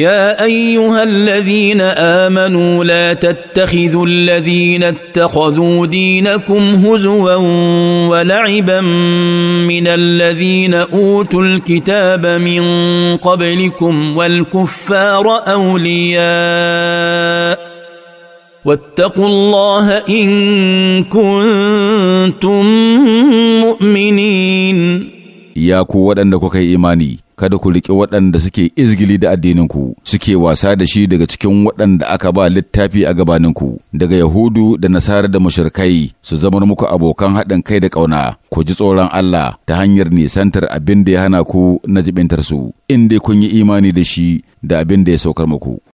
يا ايها الذين امنوا لا تتخذوا الذين اتخذوا دينكم هزوا ولعبا من الذين اوتوا الكتاب من قبلكم والكفار اولياء واتقوا الله ان كنتم مؤمنين يا قوه انكم ايماني kada ku riƙe waɗanda suke izgili da addininku suke wasa da shi daga cikin waɗanda aka ba littafi a gabaninku daga yahudu da nasara da mushrikai su zama muku abokan haɗin kai da ƙauna ku ji tsoron Allah ta hanyar nisantar abin da ya hana ku na jibintar su in dai kun yi imani da shi da abin da ya saukar muku